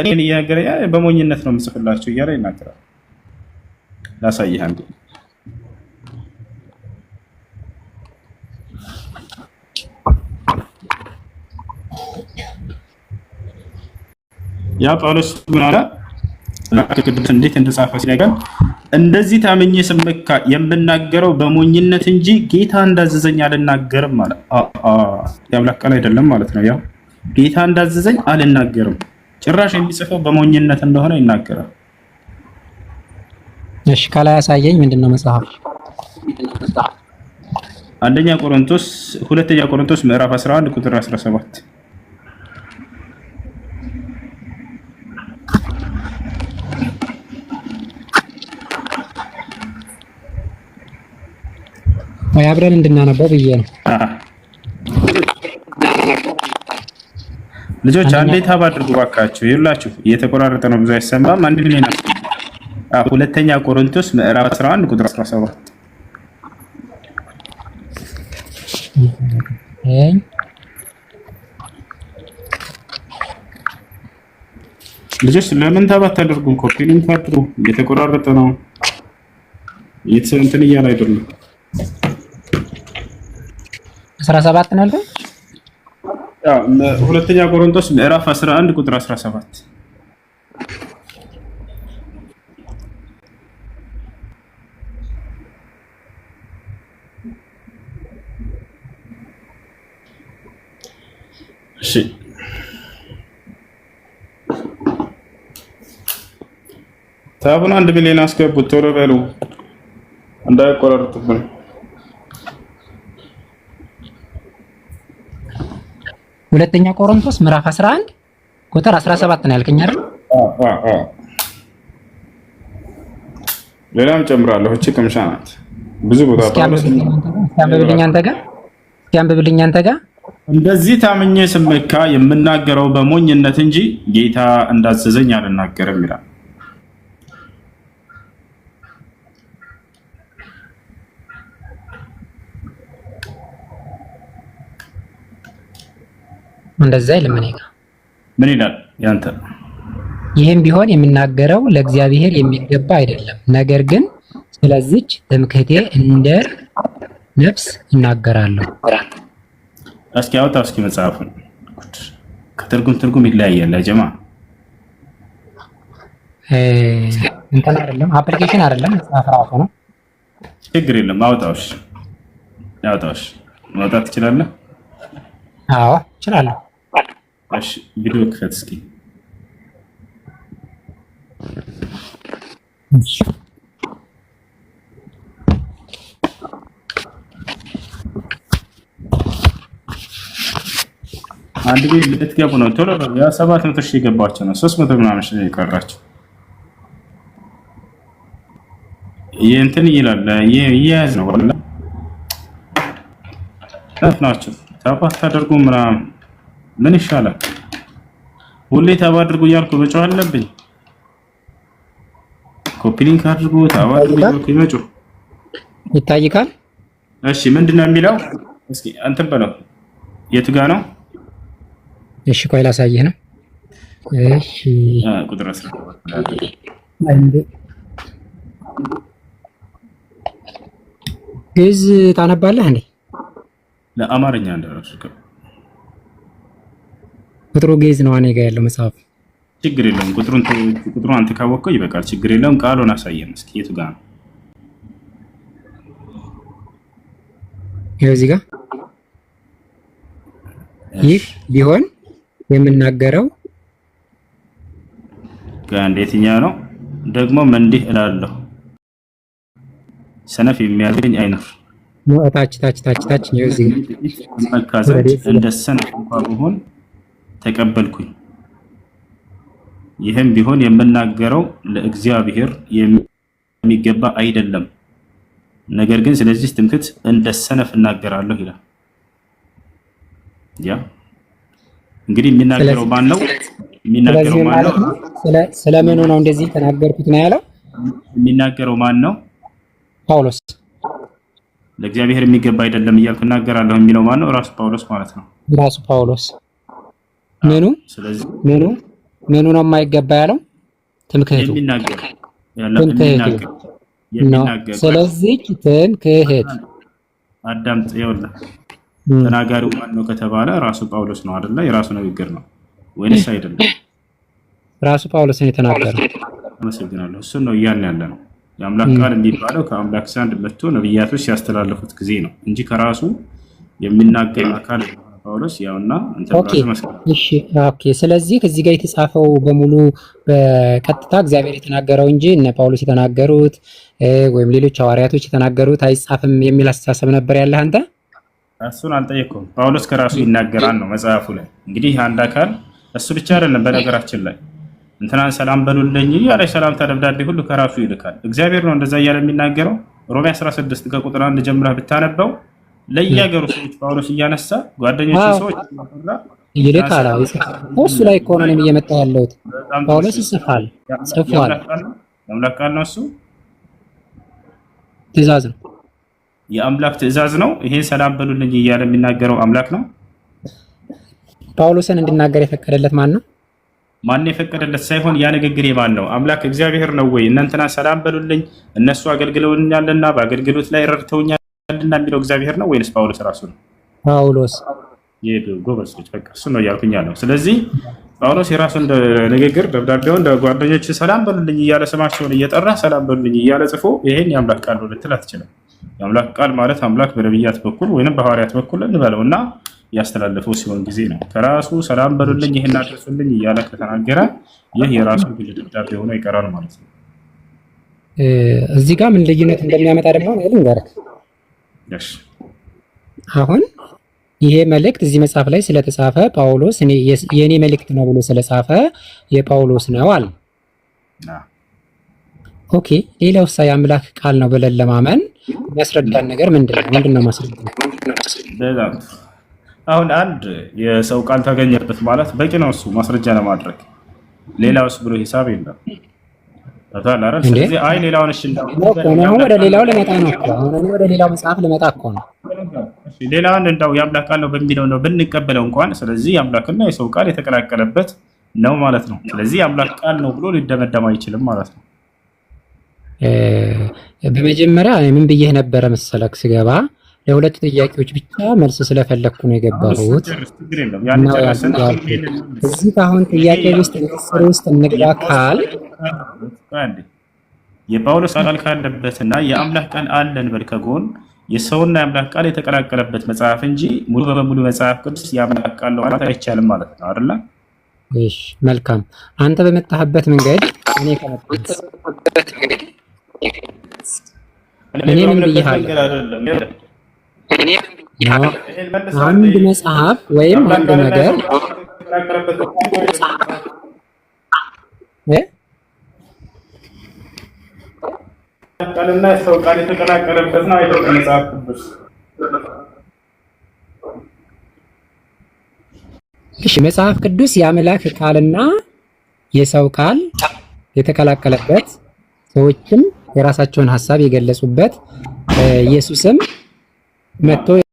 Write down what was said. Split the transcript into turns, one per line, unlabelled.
እኔን እያገረ በሞኝነት ነው የምጽፍላችሁ እያለ ይናገራል። ላሳይህ አንዴ ያ ጳውሎስ ምን አለ? ቅዱስ እንዴት እንደጻፈ ሲነገር እንደዚህ ታምኜ ስመካ የምናገረው በሞኝነት እንጂ ጌታ እንዳዘዘኝ አልናገርም ማለት አአ የአምላክ ቃል አይደለም ማለት ነው። ያው ጌታ እንዳዘዘኝ አልናገርም ጭራሽ የሚጽፈው በሞኝነት እንደሆነ ይናገራል።
እሺ ከላይ ያሳየኝ ምንድነው መጽሐፍ
አንደኛ ቆሮንቶስ ሁለተኛ ቆሮንቶስ ምዕራፍ 11 ቁጥር 17
አብረን እንድናነበው ብዬ ነው።
ልጆች አንዴ ታብ አድርጉ ባካችሁ። ይላችሁ እየተቆራረጠ ነው ብዙ አይሰማም። አንድ ሚሊዮን ሁለተኛ ቆሮንቶስ ምዕራፍ 11 ቁጥር 17 ልጆች ለምን ታብ አታደርጉም? ኮፒ ሊንክ አድርጉ። እየተቆራረጠ ነው እንትን እያለ አይደለም
17 ነው ያልኩት
ሁለተኛ ቆሮንቶስ ምዕራፍ 11 ቁጥር 17 ታቡን አንድ ሚሊዮን አስገቡት። ቶሎ በሉ እንዳይቆራርጡብን።
ሁለተኛ ቆሮንቶስ ምዕራፍ 11 ቁጥር 17 ነው ያልከኝ አይደል?
ሌላም ጨምራለሁ። እቺ ቅምሻ ናት። ብዙ ቦታ
ታምብልኛ አንተ ጋር ያንብብልኝ አንተ ጋር
እንደዚህ ታምኜ ስመካ የምናገረው በሞኝነት እንጂ ጌታ እንዳዘዘኝ አልናገርም ይላል።
እንደዛ አይልም። እኔ ጋር
ምን ይላል ያንተ?
ይህም ቢሆን የምናገረው ለእግዚአብሔር የሚገባ አይደለም። ነገር ግን ስለዚች ትምክህቴ እንደ ነፍስ እናገራለሁ።
እስኪ አውጣ፣ እስኪ መጽሐፉን። ከትርጉም ትርጉም ይለያያል። ጀማ
እንትን አይደለም፣ አፕሊኬሽን አይደለም፣ መጽሐፍ ራሱ ነው።
ችግር የለም። አውጣዎች፣ አውጣዎች። ማውጣት ትችላለህ?
አዎ እችላለሁ።
ቪዲዮ ክፈት እስኪ። አንድ ቤት ልትገቡ ነው። ቶሎ ያ ሰባት መቶ ሺህ የገባቸው ነው። ሶስት መቶ ምናምን ሺህ የቀራቸው እንትን ይላል እየያዝ ነው ናቸው ሰባት ታደርጉ ምናምን ምን ይሻላል? ሁሌ ታብ አድርጉ እያልኩ መጮህ አለብኝ? ኮፒ ሊንክ አድርጉ ታብ አድርጉ እያልኩ መጮህ ይታይካል? እሺ ምንድን ነው የሚለው? እስኪ አንተን በለው የቱ ጋ ነው?
እሺ ቆይ ላሳየህ ነው። እሺ ቁጥር አስራ ግዕዝ ታነባለህ እንዴ?
ለአማርኛ እንደራሽ
ቁጥሩ ጌዝ ነው እኔ ጋር ያለው መጽሐፍ።
ችግር የለውም ቁጥሩን ቁጥሩን አንተ ካወቀው ይበቃል። ችግር የለውም ቃሉን አሳየን እስኪ የቱ ጋር ነው?
ይኸው እዚህ ጋር ይህ ቢሆን የምናገረው
ከአንድ የትኛው ነው? ደግሞም እንዲህ እላለሁ ሰነፍ የሚያገኝ አይኖር።
ታች ታች ታች ታች ነው እዚህ
መካ እንደ ሰነፍ እንኳ ብሆን ተቀበልኩኝ። ይህም ቢሆን የምናገረው ለእግዚአብሔር የሚገባ አይደለም። ነገር ግን ስለዚህ ትምክት እንደ ሰነፍ እናገራለሁ ይላል። ያ እንግዲህ የሚናገረው ማን ነው? የሚናገረው ማን ነው?
ስለምኑ ነው እንደዚህ ተናገርኩት ነው ያለው?
የሚናገረው ማን ነው? ጳውሎስ። ለእግዚአብሔር የሚገባ አይደለም እያልኩ እናገራለሁ የሚለው ማን ነው? ራሱ ጳውሎስ ማለት ነው።
ራሱ ጳውሎስ ምኑ ምኑ ምኑ ነው የማይገባ ያለው? ትምክህቱ ትምክህቱ ስለዚህ ትምክህት
አዳምጥ። ይኸውልህ ተናጋሪው ማን ነው ከተባለ ራሱ ጳውሎስ ነው አይደለ? የራሱ ንግግር ነው ወይንስ አይደለም?
ራሱ ጳውሎስ ነው የተናገረው።
አመሰግናለሁ። እሱን ነው እያልን ያለ ነው። የአምላክ ቃል የሚባለው ከአምላክ ዘንድ መጥቶ ነብያቶች ሲያስተላለፉት ጊዜ ነው እንጂ ከራሱ የሚናገር አካል ጳውሎስ ያውና
ኦኬ። ስለዚህ እዚህ ጋር የተጻፈው በሙሉ በቀጥታ እግዚአብሔር የተናገረው እንጂ እነ ጳውሎስ የተናገሩት ወይም ሌሎች ሐዋርያቶች የተናገሩት አይጻፍም የሚል አስተሳሰብ ነበር ያለህ አንተ።
እሱን አልጠየቅኩም። ጳውሎስ ከራሱ ይናገራል ነው መጽሐፉ ላይ። እንግዲህ አንድ አካል እሱ ብቻ አይደለም። በነገራችን ላይ እንትናን ሰላም በሉልኝ እያለ ሰላምታ ደብዳቤ ሁሉ ከራሱ ይልካል። እግዚአብሔር ነው እንደዛ እያለ የሚናገረው። ሮሜ 16 ከቁጥር አንድ ጀምረህ ብታነበው ለየሀገሩ ሰዎች ጳውሎስ እያነሳ ጓደኞች ሰዎች
ይልካል። አዎ እሱ ላይ እኮ ነው እየመጣ ያለሁት። ጳውሎስ ይጽፋል፣ ጽፏል።
የአምላክ ቃል ነው እሱ። ትእዛዝ ነው፣ የአምላክ ትእዛዝ ነው። ይሄን ሰላም በሉልኝ እያለ የሚናገረው አምላክ ነው።
ጳውሎስን እንዲናገር የፈቀደለት ማን ነው?
ማን የፈቀደለት ሳይሆን ያ ንግግር የማን ነው? አምላክ እግዚአብሔር ነው ወይ? እናንተና ሰላም በሉልኝ እነሱ አገልግለውኛልና በአገልግሎት ላይ ረድተውኛል ቀልድና የሚለው እግዚአብሔር ነው ወይንስ ጳውሎስ ራሱ ነው? ጳውሎስ ጎበዝ ልጅ በቃ እሱ ነው እያልኩኝ ያለው። ስለዚህ ጳውሎስ የራሱን ንግግር ደብዳቤውን ለጓደኞች ሰላም በሉልኝ እያለ ስማቸውን እየጠራ ሰላም በሉልኝ እያለ ጽፎ ይሄን የአምላክ ቃል ነው ልትል አትችልም። የአምላክ ቃል ማለት አምላክ በነቢያት በኩል ወይንም በሐዋርያት በኩል እንበለው እና ያስተላለፈው ሲሆን ጊዜ ነው። ከራሱ ሰላም በሉልኝ ይህን አድርሱልኝ እያለ ከተናገረ ይህ የራሱ ግል ደብዳቤ ሆኖ ይቀራል ማለት ነው።
እዚህ ጋር ምን ልዩነት እንደሚያመጣ ደግሞ ነገር አሁን ይሄ መልእክት እዚህ መጽሐፍ ላይ ስለተጻፈ ጳውሎስ የእኔ መልእክት ነው ብሎ ስለጻፈ የጳውሎስ ነው አለ። ኦኬ ሌላው ሳ የአምላክ ቃል ነው ብለን ለማመን የሚያስረዳን ነገር ምንድን ነው? ምንድን ነው
ማስረዳ? አሁን አንድ የሰው ቃል ተገኘበት ማለት በቂ ነው እሱ ማስረጃ ለማድረግ ሌላውስ ብሎ ሂሳብ የለም።
ወደ ሌላው ልመጣ ነው እኮ አሁን ወደ ሌላው መጽሐፍ ልመጣ እኮ ነው።
ሌላውን የአምላክ ቃል ነው በሚለው ነው ብንቀበለው እንኳን ስለዚህ የአምላክና የሰው ቃል የተቀላቀለበት ነው ማለት ነው። ስለዚህ የአምላክ ቃል ነው ብሎ ሊደመደም አይችልም ማለት ነው።
በመጀመሪያ ምን ብዬህ ነበረ መሰለክ ስገባ ለሁለት ጥያቄዎች ብቻ መልስ ስለፈለግኩ ነው የገባሁት። እዚህ አሁን ጥያቄ ውስጥ ምስር ውስጥ እንግባ ካል
የጳውሎስ ቃል ካለበትና የአምላክ ቃል አለን በል ከጎን የሰውና የአምላክ ቃል የተቀላቀለበት መጽሐፍ እንጂ ሙሉ በሙሉ መጽሐፍ ቅዱስ የአምላክ ቃል ነው ማለት አይቻልም ማለት ነው አይደለ?
እሺ መልካም። አንተ በመጣህበት መንገድ እኔ ከመጣሁት እኔ ምን ብያለሁ? አንድ መጽሐፍ ወይም አንድ ነገር እሺ መጽሐፍ ቅዱስ የአምላክ ቃልና የሰው ቃል የተቀላቀለበት ሰዎችም የራሳቸውን ሀሳብ የገለጹበት ኢየሱስም መጥቶ